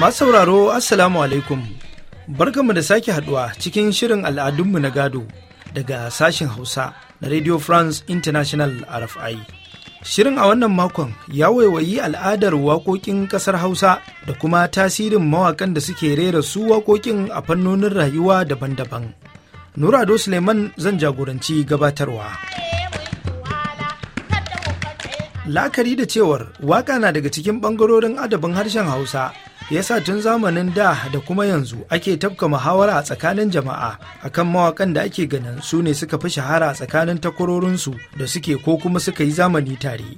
Masu sauraro Assalamu alaikum. Barkanmu da sake haduwa cikin shirin al'adunmu na gado daga sashen Hausa na Radio France International RFI. Shirin a wannan makon ya waiwayi al'adar waƙoƙin ƙasar Hausa da kuma tasirin mawaƙan da suke rera su waƙoƙin a fannonin rayuwa daban-daban. Nurado Suleiman zan jagoranci gabatarwa. la'akari da cewar waƙa na daga cikin ɓangarorin adabin harshen hausa yasa tun zamanin da da kuma yanzu ake tafka muhawara a tsakanin jama'a akan mawakan da ake ganin su ne suka fi shahara a tsakanin takwarorinsu da suke ko kuma suka yi zamani tare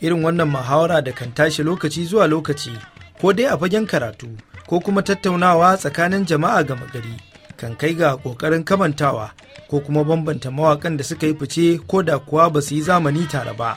irin wannan muhawara da kan tashi lokaci zuwa lokaci ko dai a fagen karatu ko kuma tattaunawa tsakanin jama'a gama gari kan kai ga ƙoƙarin kamantawa ko kuma bambanta mawakan da suka yi fice ko da kuwa ba su yi zamani tare ba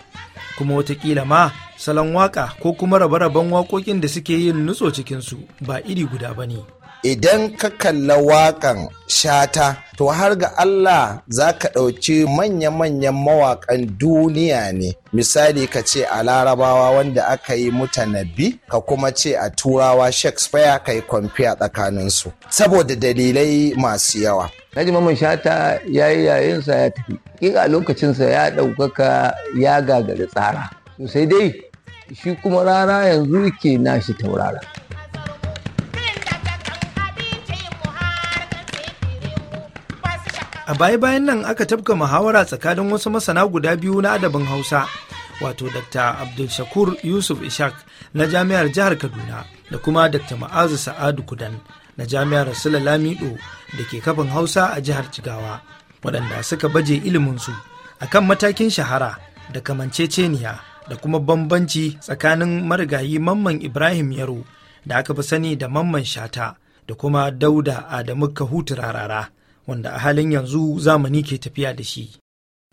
kuma watakila ma salon waka ko kuma rabe-raben waƙoƙin da suke yin nutso cikinsu ba iri guda ba ne. Idan ka kalla waƙan shata, to har ga Allah za ka ɗauki manya-manyan mawaƙan duniya ne. Misali ka ce a larabawa wanda aka yi mutanabi, ka kuma ce a turawa Shakespeare ka yi kwamfiya tsakaninsu, saboda dalilai masu yawa. Kaji Maman Shata ya yi yayinsa ya tafi. Kika lokacinsa ya ɗaukaka ya gagari tsara. Sosai dai shi kuma rara yanzu ke nashi taurara. A baya-bayan nan aka tafka muhawara tsakanin wasu masana guda biyu na adabin Hausa, wato Dr. Abdul Shakur Yusuf Ishak na Jami'ar Jihar Kaduna da kuma Dr. Ma'azu Sa'adu Kudan na jami'ar Sula Lamido da ke kafin Hausa a jihar Jigawa, waɗanda suka baje iliminsu a kan matakin shahara da kamanceceniya da kuma bambanci tsakanin marigayi Mamman Ibrahim Yaro da aka fi sani da Mamman Shata da kuma Dauda Adamu Kahutu Rarara, wanda a halin yanzu zamani ke tafiya da shi.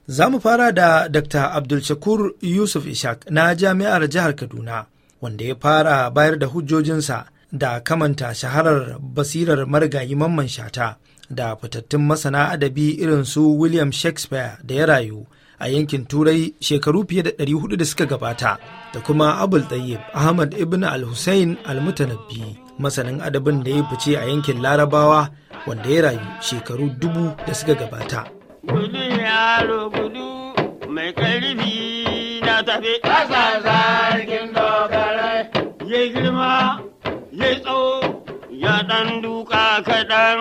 Za mu fara da Dr. Abdulshakur Yusuf Ishak na Jami'ar Jihar Kaduna, wanda ya fara bayar da hujjojinsa da kamanta shaharar basirar marigayi mamman shata da fitattun masana adabi irin su william shakespeare da ya rayu a yankin turai shekaru fiye da 400 da suka gabata da kuma abul tayyib ahmad ibn al-hussein al-mutanabbi masanin adabin da ya fice a yankin larabawa wanda ya rayu shekaru dubu da suka gabata mai na tafi ɗan duka kaɗan.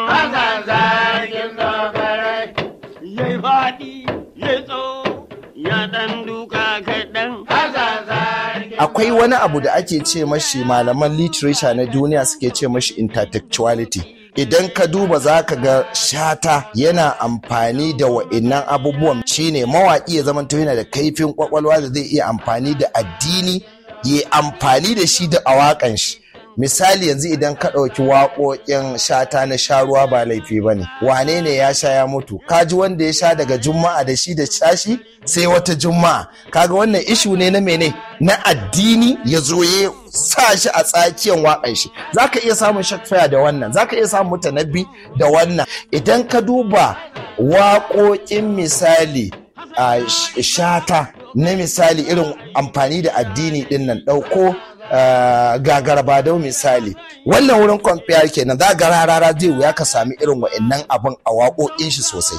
Akwai wani abu da ake ce mashi malaman literature na duniya suke ce mashi intertextuality. Idan ka duba za ka ga shata yana amfani da wa'innan abubuwan shine mawaƙi ya zamanto yana da kaifin kwakwalwa da zai iya amfani da addini ya amfani da shi da awakan shi misali yanzu idan ka ɗauki waƙoƙin shata na sharuwa ba laifi ba ne wane ne ya sha ya mutu Ka ji wanda ya sha daga juma'a da shi da shashi sai wata juma'a kaga wannan ishu ne na mene na addini ya zo ya sa shi a tsakiyar waƙan shi za ka iya samun shakfaya da wannan za ka iya samun mutanabbi da wannan idan ka duba waƙoƙin misali a shata na misali irin amfani da addini ɗin nan ɗauko Eh, don misali wannan wurin kwamfiyar kenan za ga rarara zai wuya ka sami irin wa'annan abin a waƙoƙin shi sosai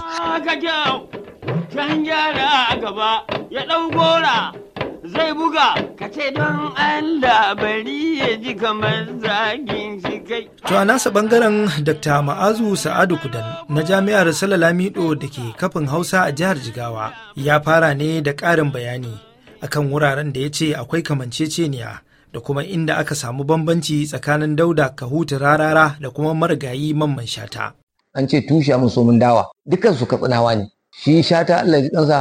gaba ya ɗau zai buga ka ce don Allah bari ya ji kamar zagin shi kai. To a nasa bangaren Dr. Ma'azu Sa'adu Kudan na Jami'ar Salalamido da ke kafin Hausa a jihar Jigawa ya fara ne da ƙarin bayani akan wuraren da ya ce akwai kamanceceniya da kuma inda aka samu bambanci tsakanin dauda kahutu rarara da kuma marigayi mamman shata. An ce tushe mun dawa dukkan su katsinawa ne shi shata Allah ya kansa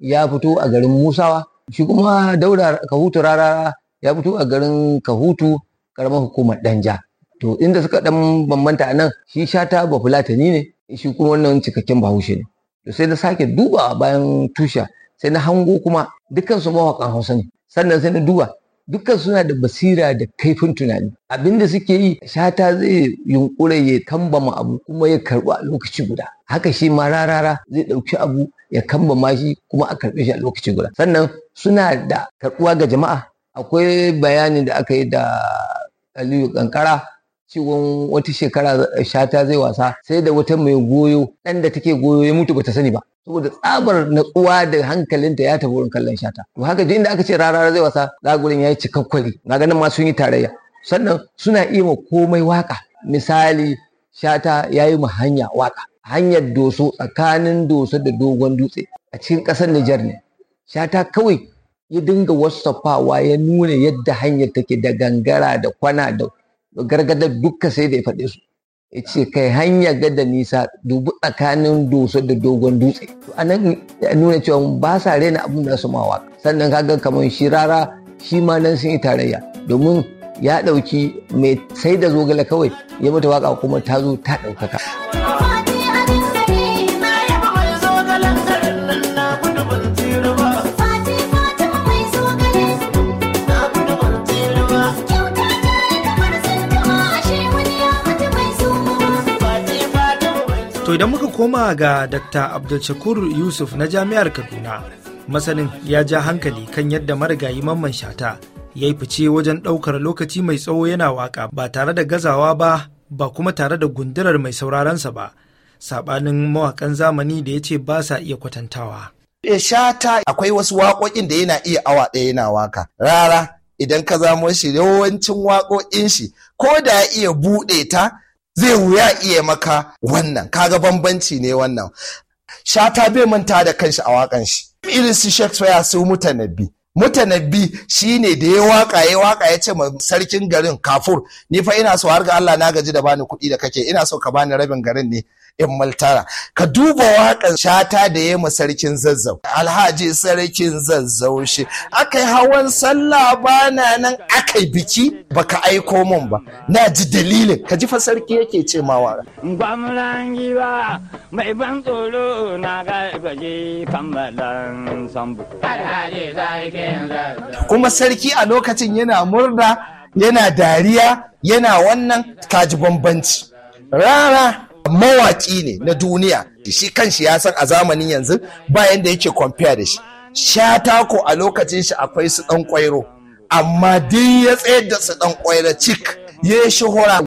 ya fito a garin Musawa shi kuma dauda kahutu rarara ya fito a garin kahutu karamar hukumar Danja. To inda suka dan bambanta nan shi shata ba fulatani ne shi kuma wannan cikakken bahaushe ne. To sai na sake duba bayan tusha sai na hango kuma dukkan su mawaƙan Hausa ne sannan sai na duba dukkan suna da basira da kaifin tunani Abinda suke yi shata zai yunkura ya kambama abu kuma ya karɓi a lokaci guda haka shi ma rarara zai ɗauki abu ya kambama shi kuma a karɓe shi a lokaci guda sannan suna da karɓuwa ga jama'a akwai bayanin da aka yi da aliyu kankara ciwon wata shekara eh, shata zai wasa sai da wata mai goyo ɗan da take goyo ya mutu bata sani ba saboda tsabar natsuwa da hankalinta ya tafi wurin kallon shata to haka jin da aka ce rarara zai wasa zagurin ya yi cikakkwari na ganin ma sun yi tarayya sannan suna iya ma komai waka misali shata ya yi ma hanya waka hanyar doso tsakanin doso da dogon dutse a cikin ƙasar Nijar ne shata kawai ya dinga wasafawa ya nuna yadda hanyar take da gangara da kwana da gargadar dukka sai da ya faɗe su ya ce kai hanya gada nisa dubu tsakanin doso da dogon dutse a nan ya nuna cewa ba sa raina abin da su mawa sannan kaga kamar shi rara shi ma nan sun yi tarayya domin ya ɗauki mai sai da zogale kawai ya mata waka kuma ta zo ta ɗaukaka. idan muka koma ga Dr. Abdulshakur Yusuf na Jami'ar Kaduna, masanin ya ja hankali kan yadda marigayi mamman shata ya yi fice wajen ɗaukar lokaci mai tsawo yana waka ba tare da gazawa ba ba kuma tare da gundurar mai sauraransa ba, saɓanin mawakan zamani da ya ce ba sa iya kwatantawa. E shata akwai wasu waƙoƙin da yana iya awa ɗaya yana waka. Rara idan ka zamo shi yawancin waƙoƙin shi ko da ya iya buɗe ta zai wuya iya maka wannan kaga bambanci ne wannan shata bai manta da kanshi a wakan shi irin su shakespeare su mutanabbi mutanabbi shi ne da ya waka ya waka ya ce ma sarkin garin kafur ni fa ina so har ga Allah na gaji da bani kuɗi da kake ina so ka bani rabin garin ne 'yan maltara ka duba waƙar shata da ya ma sarkin zazzau alhaji sarkin zazzau shi aka yi hawan sallah bana nan aka yi biki baka aiko min ba na ji dalilin ka ji fa sarki yake ce ma wara ba mai ban tsoro na gargaje kammalan sambu alhaji sarkin zazzau kuma sarki a lokacin yana murna yana dariya yana wannan kaji bambanci rara mawaki ne na duniya shi kanshi ya san a zamanin yanzu bayan da yake compare da shi shata ko a lokacin shi akwai su dan kwairo amma din ya tsayar da su dan kwairo cik ya shuhura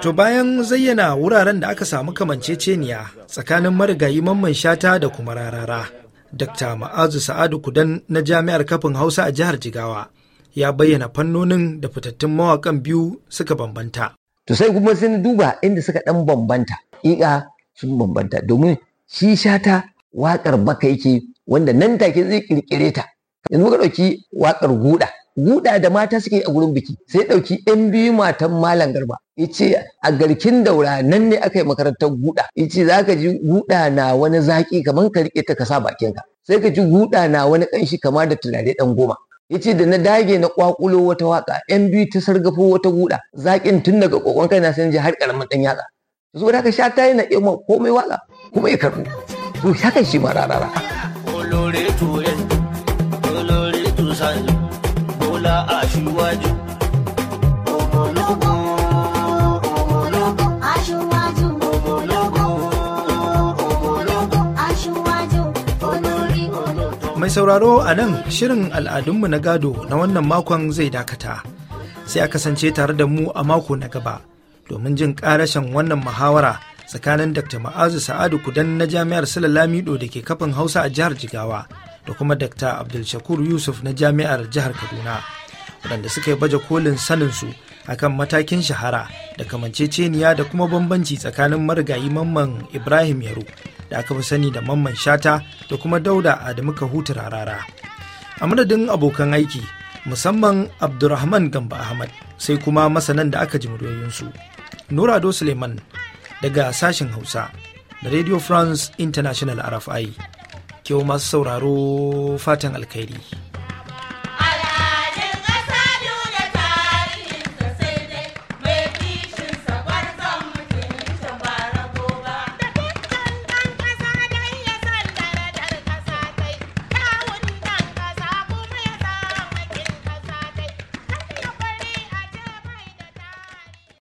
to bayan zayyana wuraren da aka samu kamanceceniya tsakanin marigayi mamman shata da kuma rarara Dr. Ma'azu Sa'adu Kudan na Jami'ar Kafin Hausa a jihar Jigawa ya bayyana fannonin da fitattun mawakan biyu suka bambanta. To sai kuma sun duba inda suka ɗan bambanta, iya sun bambanta domin shi shata waƙar baka yake wanda nan take zai ƙirƙire ta. Yanzu muka ɗauki waƙar guda. Guda da mata suke a gurin biki sai ɗauki yan biyu matan Malam Garba. Ice a garkin daura nan ne aka yi makarantar guda. Ice za ka ji guda na wani zaƙi kamar ka riƙe ta kasa sa bakinka. Sai ka ji guda na wani ƙanshi kamar da turare ɗan goma. ya ce da na dage na kwakulo wata waka yan biyu ta sargafo wata guda zaƙin tun daga kokon kai na san ji har karamin dan yatsa zo da ka sha ta na iya komai waka kuma ya karbu to haka shi ma rarara mai sauraro a nan shirin al'adunmu na gado na wannan makon zai dakata. Sai a kasance tare da mu a mako na gaba domin jin karashen wannan muhawara tsakanin Dr. Ma'azu Sa'adu Kudan na Jami'ar Sulalamido da ke kafin Hausa a jihar Jigawa da kuma Dr. Abdul Shakur Yusuf na Jami'ar jihar Kaduna waɗanda suka yi baje kolin sanin su akan matakin shahara da kamanceceniya da kuma bambanci tsakanin marigayi Mamman Ibrahim Yaro da aka fi sani da mamman shata da kuma dauda adamu hutu rarara a madadin abokan aiki musamman abdurrahman gamba ahmad sai kuma masanan da aka ji muryoyinsu nurado suleiman daga sashen hausa da radio france international rfi kyau masu sauraro fatan alkhairi